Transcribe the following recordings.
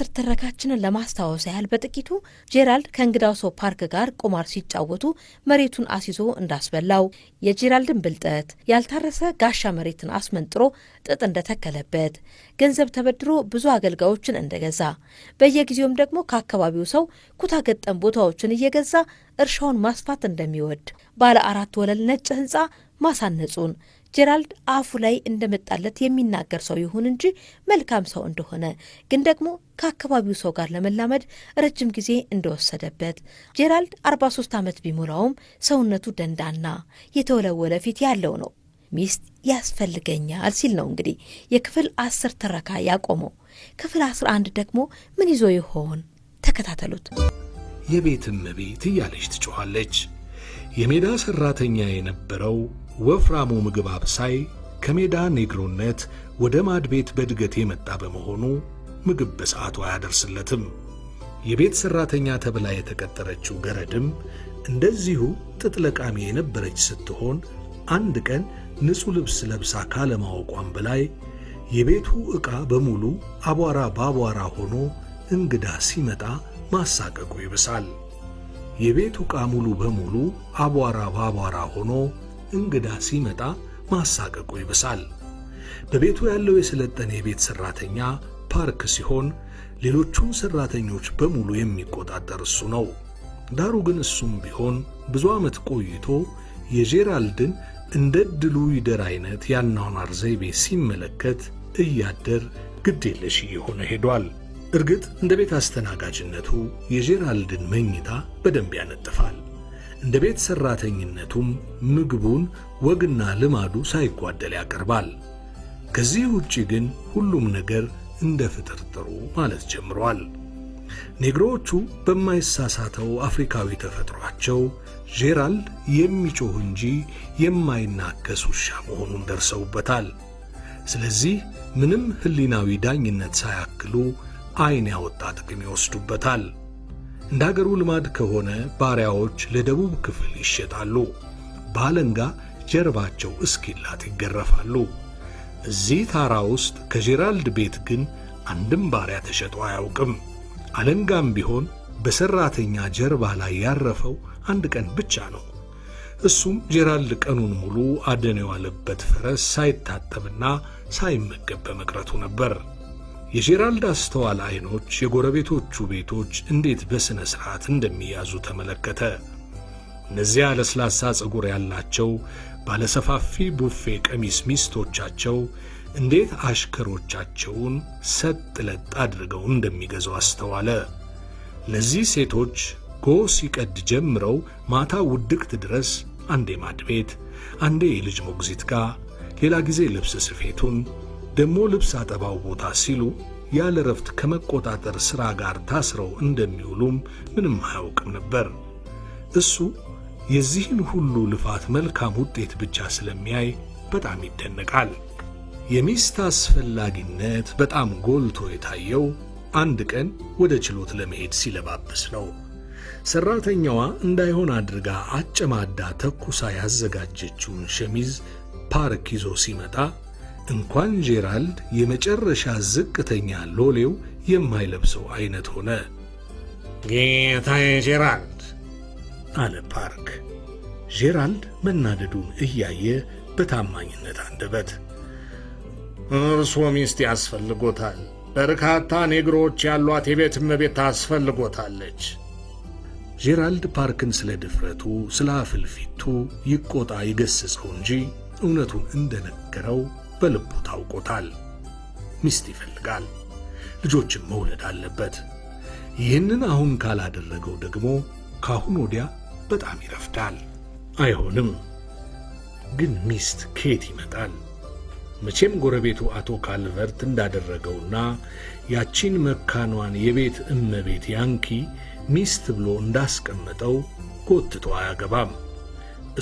የአስር ትረካችንን ለማስታወስ ያህል በጥቂቱ ጄራልድ ከእንግዳው ሰው ፓርክ ጋር ቁማር ሲጫወቱ መሬቱን አስይዞ እንዳስበላው፣ የጄራልድን ብልጠት፣ ያልታረሰ ጋሻ መሬትን አስመንጥሮ ጥጥ እንደተከለበት፣ ገንዘብ ተበድሮ ብዙ አገልጋዮችን እንደገዛ፣ በየጊዜውም ደግሞ ከአካባቢው ሰው ኩታ ገጠም ቦታዎችን እየገዛ እርሻውን ማስፋት እንደሚወድ፣ ባለ አራት ወለል ነጭ ህንፃ ማሳነጹን ጄራልድ አፉ ላይ እንደመጣለት የሚናገር ሰው ይሁን እንጂ መልካም ሰው እንደሆነ ግን ደግሞ ከአካባቢው ሰው ጋር ለመላመድ ረጅም ጊዜ እንደወሰደበት ጄራልድ 43 ዓመት ቢሞላውም ሰውነቱ ደንዳና የተወለወለ ፊት ያለው ነው። ሚስት ያስፈልገኛል ሲል ነው እንግዲህ የክፍል አስር ትረካ ያቆመው። ክፍል 11 ደግሞ ምን ይዞ ይሆን? ተከታተሉት። የቤትም ቤት እያለች ትጮኋለች። የሜዳ ሠራተኛ የነበረው ወፍራሙ ምግብ አብሳይ ከሜዳ ኔግሮነት ወደ ማድ ቤት በእድገት የመጣ በመሆኑ ምግብ በሰዓቱ አያደርስለትም። የቤት ሠራተኛ ተብላ የተቀጠረችው ገረድም እንደዚሁ ጥጥ ለቃሚ የነበረች ስትሆን አንድ ቀን ንጹሕ ልብስ ለብሳ ካለማወቋም በላይ የቤቱ ዕቃ በሙሉ አቧራ በአቧራ ሆኖ እንግዳ ሲመጣ ማሳቀቁ ይብሳል። የቤቱ ዕቃ ሙሉ በሙሉ አቧራ በአቧራ ሆኖ እንግዳ ሲመጣ ማሳቀቁ ይብሳል። በቤቱ ያለው የሰለጠነ የቤት ሰራተኛ ፓርክ ሲሆን ሌሎቹን ሰራተኞች በሙሉ የሚቆጣጠር እሱ ነው። ዳሩ ግን እሱም ቢሆን ብዙ ዓመት ቆይቶ የጄራልድን እንደ ድሉ ይደር አይነት ያኗኗር ዘይቤ ሲመለከት እያደር ግዴለሽ እየሆነ ሄዷል። እርግጥ እንደ ቤት አስተናጋጅነቱ የጄራልድን መኝታ በደንብ ያነጥፋል። እንደ ቤት ሠራተኝነቱም ምግቡን ወግና ልማዱ ሳይጓደል ያቀርባል። ከዚህ ውጪ ግን ሁሉም ነገር እንደ ፍጥር ጥሩ ማለት ጀምሯል። ኔግሮዎቹ በማይሳሳተው አፍሪካዊ ተፈጥሯቸው ጄራልድ የሚጮህ እንጂ የማይናከስ ውሻ መሆኑን ደርሰውበታል። ስለዚህ ምንም ሕሊናዊ ዳኝነት ሳያክሉ ዐይን ያወጣ ጥቅም ይወስዱበታል። እንደ አገሩ ልማድ ከሆነ ባሪያዎች ለደቡብ ክፍል ይሸጣሉ። በአለንጋ ጀርባቸው እስኪላት ይገረፋሉ። እዚህ ታራ ውስጥ ከጄራልድ ቤት ግን አንድም ባሪያ ተሸጦ አያውቅም። አለንጋም ቢሆን በሠራተኛ ጀርባ ላይ ያረፈው አንድ ቀን ብቻ ነው። እሱም ጄራልድ ቀኑን ሙሉ አደን የዋለበት ፈረስ ሳይታጠብና ሳይመገብ በመቅረቱ ነበር። የጄራልድ አስተዋል ዐይኖች የጎረቤቶቹ ቤቶች እንዴት በሥነ ሥርዓት እንደሚያዙ ተመለከተ። እነዚያ ለስላሳ ፀጉር ያላቸው ባለሰፋፊ ቡፌ ቀሚስ ሚስቶቻቸው እንዴት አሽከሮቻቸውን ሰጥ ለጥ አድርገው እንደሚገዙ አስተዋለ። እነዚህ ሴቶች ጎ ሲቀድ ጀምረው ማታ ውድቅት ድረስ አንዴ ማድቤት፣ አንዴ የልጅ ሞግዚት ጋር፣ ሌላ ጊዜ ልብስ ስፌቱን ደሞ ልብስ አጠባው ቦታ ሲሉ ያለ ረፍት ከመቆጣጠር ሥራ ጋር ታስረው እንደሚውሉም ምንም አያውቅም ነበር። እሱ የዚህን ሁሉ ልፋት መልካም ውጤት ብቻ ስለሚያይ በጣም ይደነቃል። የሚስት አስፈላጊነት በጣም ጎልቶ የታየው አንድ ቀን ወደ ችሎት ለመሄድ ሲለባብስ ነው። ሰራተኛዋ እንዳይሆን አድርጋ አጨማዳ ተኩሳ ያዘጋጀችውን ሸሚዝ ፓርክ ይዞ ሲመጣ እንኳን ጄራልድ የመጨረሻ ዝቅተኛ ሎሌው የማይለብሰው አይነት ሆነ። ጌታዬ ጄራልድ አለ ፓርክ። ጄራልድ መናደዱን እያየ በታማኝነት አንደበት እርስዎ ሚስት ያስፈልጎታል፣ በርካታ ኔግሮዎች ያሏት የቤት እመቤት ታስፈልጎታለች። ጄራልድ ፓርክን ስለ ድፍረቱ፣ ስለ አፍልፊቱ ይቆጣ ይገስጸው እንጂ እውነቱን እንደነገረው በልቡ ታውቆታል። ሚስት ይፈልጋል፣ ልጆችን መውለድ አለበት። ይህንን አሁን ካላደረገው ደግሞ ካሁን ወዲያ በጣም ይረፍዳል። አይሆንም። ግን ሚስት ከየት ይመጣል? መቼም ጎረቤቱ አቶ ካልቨርት እንዳደረገውና ያቺን መካኗን የቤት እመቤት ያንኪ ሚስት ብሎ እንዳስቀመጠው ጎትቶ አያገባም።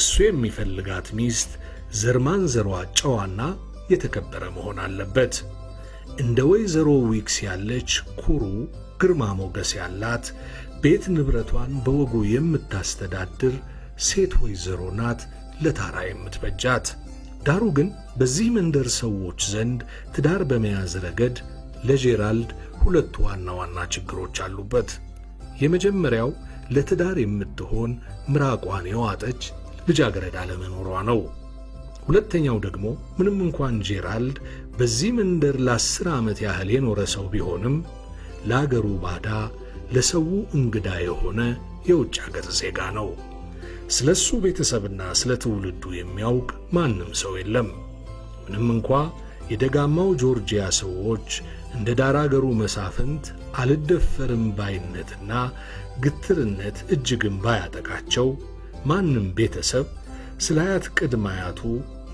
እሱ የሚፈልጋት ሚስት ዘርማን ዘሯ ጨዋና የተከበረ መሆን አለበት። እንደ ወይዘሮ ዊክስ ያለች ኩሩ ግርማ ሞገስ ያላት ቤት ንብረቷን በወጉ የምታስተዳድር ሴት ወይዘሮ ናት ለታራ የምትበጃት። ዳሩ ግን በዚህ መንደር ሰዎች ዘንድ ትዳር በመያዝ ረገድ ለጄራልድ ሁለት ዋና ዋና ችግሮች አሉበት። የመጀመሪያው ለትዳር የምትሆን ምራቋን የዋጠች ልጃገረድ አለመኖሯ ነው። ሁለተኛው ደግሞ ምንም እንኳን ጄራልድ በዚህ መንደር ለአስር ዓመት ያህል የኖረ ሰው ቢሆንም ለአገሩ ባዳ፣ ለሰው እንግዳ የሆነ የውጭ አገር ዜጋ ነው። ስለ እሱ ቤተሰብና ስለ ትውልዱ የሚያውቅ ማንም ሰው የለም። ምንም እንኳ የደጋማው ጆርጂያ ሰዎች እንደ ዳር አገሩ መሳፍንት አልደፈርም ባይነትና ግትርነት እጅግም ባያጠቃቸው ማንም ቤተሰብ ስለ አያት ቅድመ አያቱ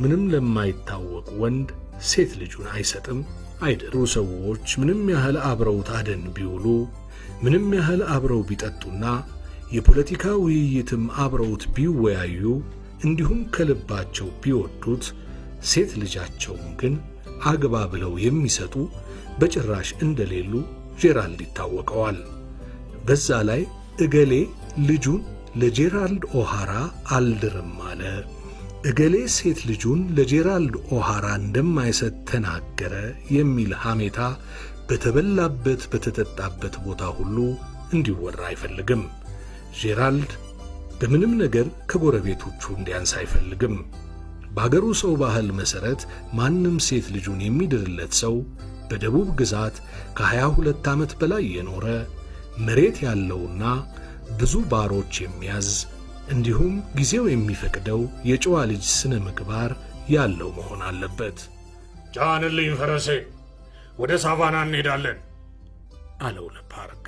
ምንም ለማይታወቅ ወንድ ሴት ልጁን አይሰጥም አይደሩ ሰዎች ምንም ያህል አብረውት አደን ቢውሉ ምንም ያህል አብረው ቢጠጡና የፖለቲካ ውይይትም አብረውት ቢወያዩ እንዲሁም ከልባቸው ቢወዱት ሴት ልጃቸውን ግን አግባ ብለው የሚሰጡ በጭራሽ እንደሌሉ ጄራልድ ይታወቀዋል። በዛ ላይ እገሌ ልጁን ለጄራልድ ኦሃራ አልድርም አለ እገሌ ሴት ልጁን ለጄራልድ ኦሃራ እንደማይሰጥ ተናገረ የሚል ሐሜታ በተበላበት በተጠጣበት ቦታ ሁሉ እንዲወራ አይፈልግም። ጄራልድ በምንም ነገር ከጎረቤቶቹ እንዲያንስ አይፈልግም። በአገሩ ሰው ባህል መሠረት ማንም ሴት ልጁን የሚድርለት ሰው በደቡብ ግዛት ከሀያ ሁለት ዓመት በላይ የኖረ መሬት ያለውና ብዙ ባሮች የሚያዝ እንዲሁም ጊዜው የሚፈቅደው የጨዋ ልጅ ስነ ምግባር ያለው መሆን አለበት። ጫንልኝ ፈረሴ፣ ወደ ሳቫና እንሄዳለን አለው ለፓርክ።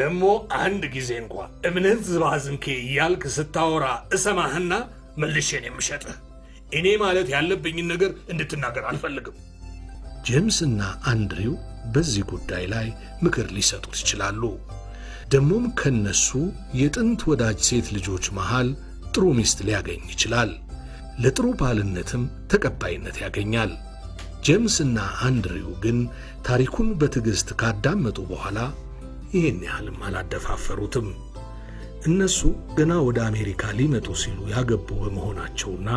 ደግሞ አንድ ጊዜ እንኳ እምነት ዝባዝንኬ እያልክ ስታወራ እሰማህና መልሼን የምሸጥህ። እኔ ማለት ያለብኝን ነገር እንድትናገር አልፈልግም። ጄምስና አንድሪው በዚህ ጉዳይ ላይ ምክር ሊሰጡት ይችላሉ። ደግሞም ከነሱ የጥንት ወዳጅ ሴት ልጆች መሃል ጥሩ ሚስት ሊያገኝ ይችላል። ለጥሩ ባልነትም ተቀባይነት ያገኛል። ጄምስና አንድሪው ግን ታሪኩን በትዕግሥት ካዳመጡ በኋላ ይህን ያህልም አላደፋፈሩትም። እነሱ ገና ወደ አሜሪካ ሊመጡ ሲሉ ያገቡ በመሆናቸውና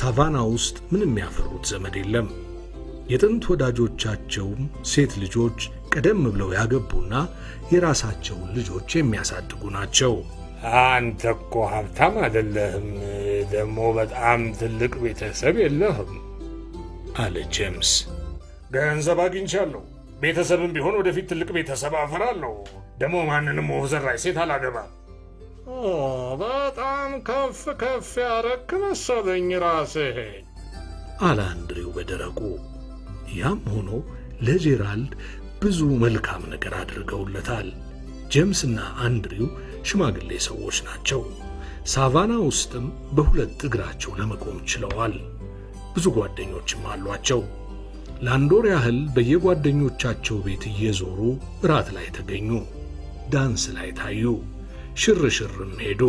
ሳቫና ውስጥ ምንም ያፈሩት ዘመድ የለም። የጥንት ወዳጆቻቸውም ሴት ልጆች ቀደም ብለው ያገቡና የራሳቸውን ልጆች የሚያሳድጉ ናቸው። አንተ እኮ ሀብታም አይደለህም፣ ደግሞ በጣም ትልቅ ቤተሰብ የለህም አለ ጄምስ። ገንዘብ አግኝቻለሁ፣ ቤተሰብም ቢሆን ወደፊት ትልቅ ቤተሰብ አፈራለሁ። ደግሞ ማንንም ወፍ ሴት አላገባም። በጣም ከፍ ከፍ ያረክ መሰለኝ ራሴ አለ አንድሬው በደረቁ። ያም ሆኖ ለጄራልድ ብዙ መልካም ነገር አድርገውለታል። ጄምስና አንድሪው ሽማግሌ ሰዎች ናቸው። ሳቫና ውስጥም በሁለት እግራቸው ለመቆም ችለዋል። ብዙ ጓደኞችም አሏቸው። ለአንድ ወር ያህል በየጓደኞቻቸው ቤት እየዞሩ እራት ላይ ተገኙ፣ ዳንስ ላይ ታዩ፣ ሽርሽርም ሄዱ።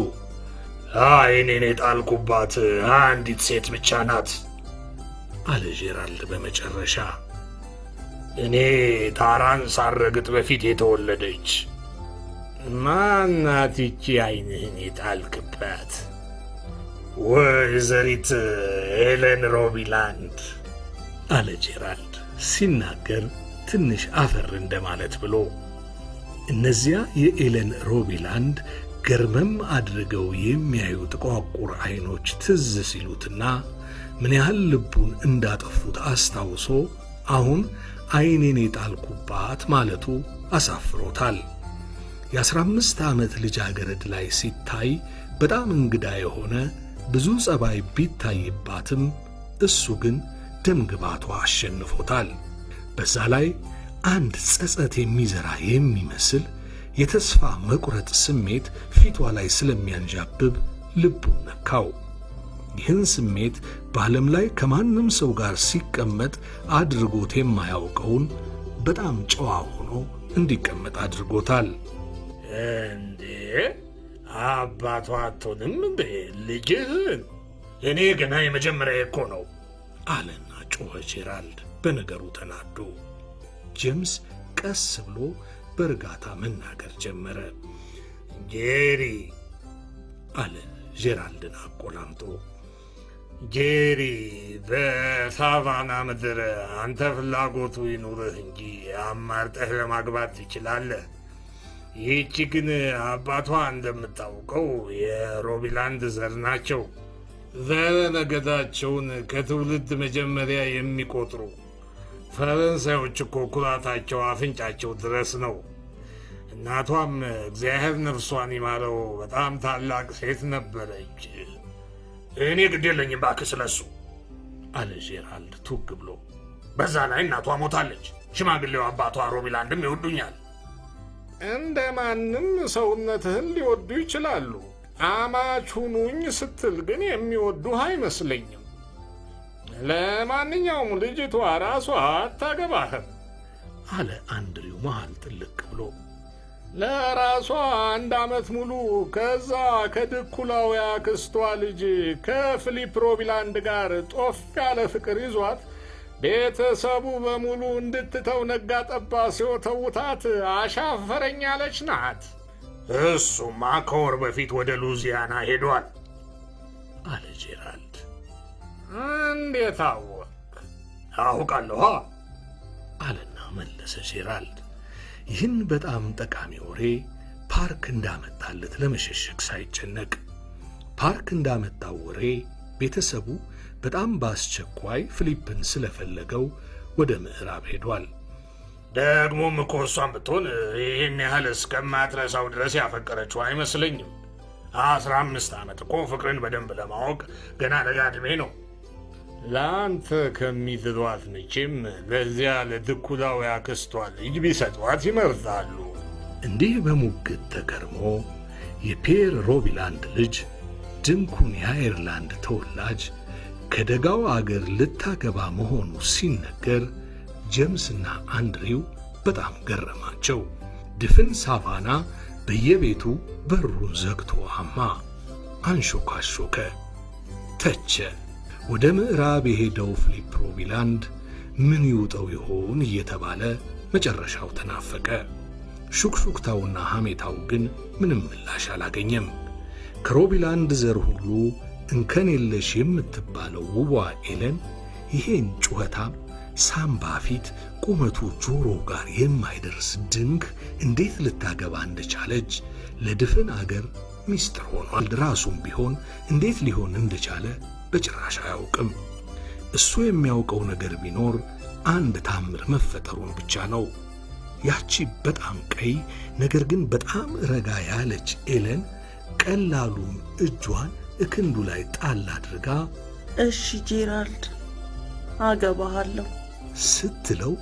አይኔን የጣልኩባት አንዲት ሴት ብቻ ናት አለ ጄራልድ በመጨረሻ። እኔ ታራን ሳረግጥ በፊት የተወለደች ማናት ይቺ ዓይንህን የጣልክባት? ወይዘሪት ሄለን ሮቢላንድ አለ ጄራልድ ሲናገር ትንሽ አፈር እንደማለት ብሎ። እነዚያ የኤለን ሮቢላንድ ገርመም አድርገው የሚያዩ ጥቋቁር ዐይኖች ትዝ ሲሉትና ምን ያህል ልቡን እንዳጠፉት አስታውሶ አሁን ዓይኔን የጣልኩባት ማለቱ አሳፍሮታል። የ15 ዓመት ልጃገረድ ላይ ሲታይ በጣም እንግዳ የሆነ ብዙ ጸባይ ቢታይባትም እሱ ግን ደምግባቷ አሸንፎታል። በዛ ላይ አንድ ጸጸት የሚዘራ የሚመስል የተስፋ መቁረጥ ስሜት ፊቷ ላይ ስለሚያንዣብብ ልቡን ነካው። ይህን ስሜት በዓለም ላይ ከማንም ሰው ጋር ሲቀመጥ አድርጎት የማያውቀውን በጣም ጨዋ ሆኖ እንዲቀመጥ አድርጎታል። እንዴ አባቷ አትሆንም እንዴ ልጅህን? እኔ ገና የመጀመሪያ እኮ ነው አለና ጮኸ ጄራልድ በነገሩ ተናዶ። ጄምስ ቀስ ብሎ በእርጋታ መናገር ጀመረ። ጄሪ አለ ጄራልድን አቆላምጦ ጄሪ፣ በሳቫና ምድር አንተ ፍላጎቱ ይኑርህ እንጂ አማርጠህ ለማግባት ትችላለህ። ይህቺ ግን አባቷ እንደምታውቀው የሮቢላንድ ዘር ናቸው። ዘረ ነገዳቸውን ከትውልድ መጀመሪያ የሚቆጥሩ ፈረንሳዮች እኮ ኩራታቸው አፍንጫቸው ድረስ ነው። እናቷም እግዚአብሔር ነፍሷን ይማረው በጣም ታላቅ ሴት ነበረች። እኔ ግድ የለኝም እባክህ ስለሱ አለ ጄራልድ ቱግ ብሎ። በዛ ላይ እናቷ ሞታለች። ሽማግሌው አባቷ ሮሚላንድም ይወዱኛል። እንደ ማንም ሰውነትህን ሊወዱ ይችላሉ። አማች ሁኑኝ ስትል ግን የሚወዱህ አይመስለኝም። ለማንኛውም ልጅቷ ራሷ አታገባህም አለ አንድሪው መሃል ጥልቅ ብሎ ለራሷ አንድ ዓመት ሙሉ ከዛ ከድኩላው ያክስቷ ልጅ ከፊሊፕ ሮቢላንድ ጋር ጦፍ ያለ ፍቅር ይዟት ቤተሰቡ በሙሉ እንድትተው ነጋ ጠባ ሲወተውታት አሻፈረኝ ያለች ናት። እሱማ ከወር በፊት ወደ ሉዚያና ሄዷል አለ ጄራልድ። እንዴት አወቅ? አውቃለኋ አለና መለሰ ጄራልድ። ይህን በጣም ጠቃሚ ወሬ ፓርክ እንዳመጣለት ለመሸሸግ ሳይጨነቅ ፓርክ እንዳመጣው ወሬ ቤተሰቡ በጣም በአስቸኳይ ፊሊፕን ስለፈለገው ወደ ምዕራብ ሄዷል። ደግሞም እኮ እሷን ብትሆን ይህን ያህል እስከማትረሳው ድረስ ያፈቀረችው አይመስለኝም። አስራ አምስት ዓመት እኮ ፍቅርን በደንብ ለማወቅ ገና ለጋ ዕድሜ ነው። ለአንተ ከሚትሏት መቼም ለዚያ ለድኩላው ያክስቷ ልጅ ቢሰጧት ይመርጣሉ። እንዲህ በሙግት ተገርሞ የፒየር ሮቢላንድ ልጅ ድንኩን የአይርላንድ ተወላጅ ከደጋው አገር ልታገባ መሆኑ ሲነገር ጀምስና አንድሪው በጣም ገረማቸው። ድፍን ሳቫና በየቤቱ በሩን ዘግቶ አማ፣ አንሾካሾከ፣ ተቸ። ወደ ምዕራብ የሄደው ፊሊፕ ሮቢላንድ ምን ይውጠው ይሆን እየተባለ መጨረሻው ተናፈቀ። ሹክሹክታውና ሐሜታው ግን ምንም ምላሽ አላገኘም። ከሮቢላንድ ዘር ሁሉ እንከን የለሽ የምትባለው ውቧ ኤለን ይሄን ጩኸታም ሳምባ ፊት ቁመቱ ጆሮ ጋር የማይደርስ ድንክ እንዴት ልታገባ እንደቻለች ለድፍን አገር ሚስጥር ሆኗል። ራሱም ቢሆን እንዴት ሊሆን እንደቻለ በጭራሽ አያውቅም። እሱ የሚያውቀው ነገር ቢኖር አንድ ታምር መፈጠሩን ብቻ ነው። ያቺ በጣም ቀይ ነገር ግን በጣም ረጋ ያለች ኤለን ቀላሉም እጇን እክንዱ ላይ ጣል አድርጋ እሺ ጄራልድ አገባሃለሁ ስትለው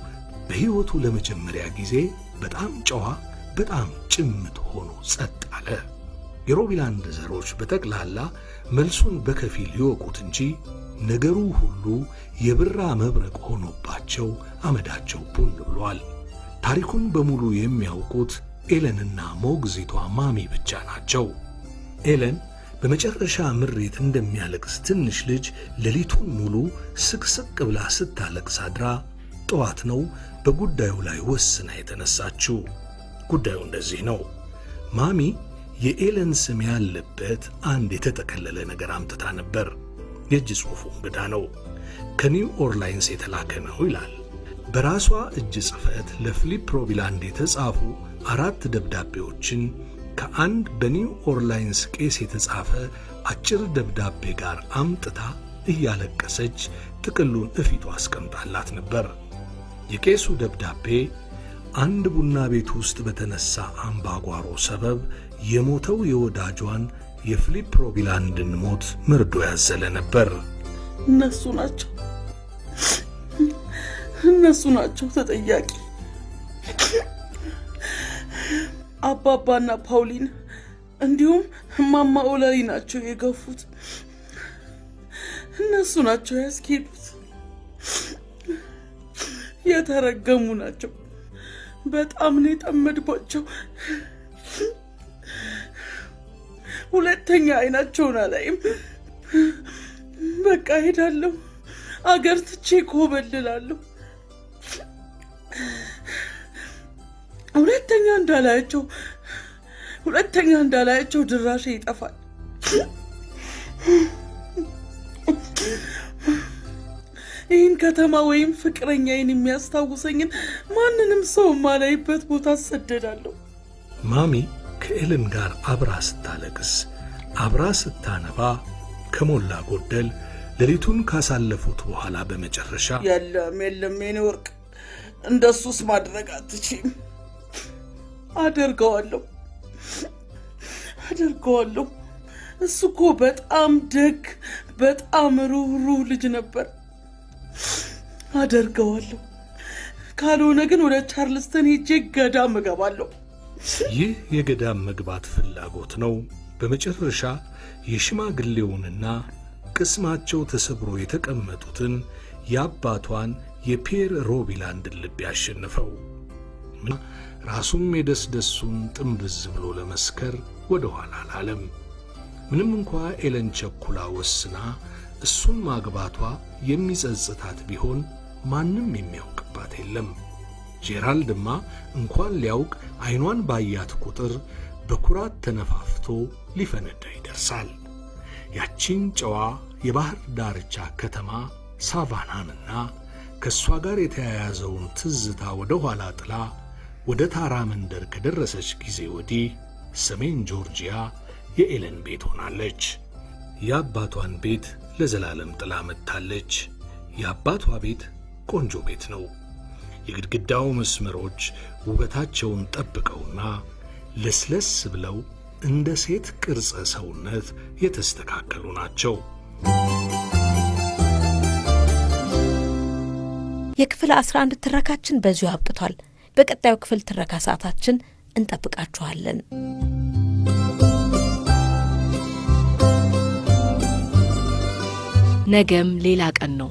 በሕይወቱ ለመጀመሪያ ጊዜ በጣም ጨዋ፣ በጣም ጭምት ሆኖ ጸጥ አለ። የሮቢላንድ ዘሮች በጠቅላላ መልሱን በከፊል ይወቁት እንጂ ነገሩ ሁሉ የብራ መብረቅ ሆኖባቸው አመዳቸው ቡን ብሏል። ታሪኩን በሙሉ የሚያውቁት ኤለንና ሞግዚቷ ማሚ ብቻ ናቸው። ኤለን በመጨረሻ ምሬት እንደሚያለቅስ ትንሽ ልጅ ሌሊቱን ሙሉ ስቅስቅ ብላ ስታለቅስ አድራ ጠዋት ነው በጉዳዩ ላይ ወስና የተነሳችው። ጉዳዩ እንደዚህ ነው። ማሚ የኤለን ስም ያለበት አንድ የተጠቀለለ ነገር አምጥታ ነበር። የእጅ ጽሑፉ እንግዳ ነው። ከኒው ኦርላይንስ የተላከ ነው ይላል። በራሷ እጅ ጽፈት ለፊሊፕ ሮቢላንድ የተጻፉ አራት ደብዳቤዎችን ከአንድ በኒው ኦርላይንስ ቄስ የተጻፈ አጭር ደብዳቤ ጋር አምጥታ እያለቀሰች ጥቅሉን እፊቱ አስቀምጣላት ነበር። የቄሱ ደብዳቤ አንድ ቡና ቤት ውስጥ በተነሳ አምባጓሮ ሰበብ የሞተው የወዳጇን የፊሊፕ ሮቢላንድን ሞት መርዶ ያዘለ ነበር። እነሱ ናቸው እነሱ ናቸው ተጠያቂ። አባባና ፓውሊን እንዲሁም እማማ ኦላሪ ናቸው የገፉት። እነሱ ናቸው ያስኬዱት። የተረገሙ ናቸው። በጣም ነው የጠመድባቸው። ሁለተኛ አይናቸውን አላይም። በቃ ሄዳለሁ፣ አገር ትቼ ኮበልላለሁ። ሁለተኛ እንዳላያቸው ሁለተኛ እንዳላያቸው ድራሽ ይጠፋል። ይህን ከተማ ወይም ፍቅረኛዬን የሚያስታውሰኝን ማንንም ሰው ማላይበት ቦታ አሰደዳለሁ! ማሚ ከኤለን ጋር አብራ ስታለቅስ፣ አብራ ስታነባ ከሞላ ጎደል ሌሊቱን ካሳለፉት በኋላ በመጨረሻ የለም የለም፣ የኔ ወርቅ፣ እንደሱስ ማድረግ አትችም። አደርገዋለሁ አደርገዋለሁ። እሱ እኮ በጣም ደግ፣ በጣም ሩህሩህ ልጅ ነበር። አደርገዋለሁ። ካልሆነ ግን ወደ ቻርልስተን ሄጄ ገዳም እገባለሁ። ይህ የገዳም መግባት ፍላጎት ነው። በመጨረሻ የሽማግሌውንና ቅስማቸው ተሰብሮ የተቀመጡትን የአባቷን የፒየር ሮቢላንድን ልብ ያሸንፈው ራሱም የደስደሱን ጥምብዝ ብሎ ለመስከር ወደ ኋላ አላለም። ምንም እንኳ ኤለን ቸኩላ ወስና እሱን ማግባቷ የሚጸጽታት ቢሆን ማንም የሚያውቅባት የለም። ጄራልድማ እንኳን ሊያውቅ ዐይኗን ባያት ቁጥር በኩራት ተነፋፍቶ ሊፈነዳ ይደርሳል። ያቺን ጨዋ የባሕር ዳርቻ ከተማ ሳቫናንና ከእሷ ጋር የተያያዘውን ትዝታ ወደ ኋላ ጥላ ወደ ታራ መንደር ከደረሰች ጊዜ ወዲህ ሰሜን ጆርጂያ የኤለን ቤት ሆናለች። የአባቷን ቤት ለዘላለም ጥላ መጥታለች። የአባቷ ቤት ቆንጆ ቤት ነው። የግድግዳው መስመሮች ውበታቸውን ጠብቀውና ለስለስ ብለው እንደ ሴት ቅርጸ ሰውነት የተስተካከሉ ናቸው። የክፍል 11 ትረካችን በዚሁ አብቅቷል። በቀጣዩ ክፍል ትረካ ሰዓታችን እንጠብቃችኋለን። ነገም ሌላ ቀን ነው።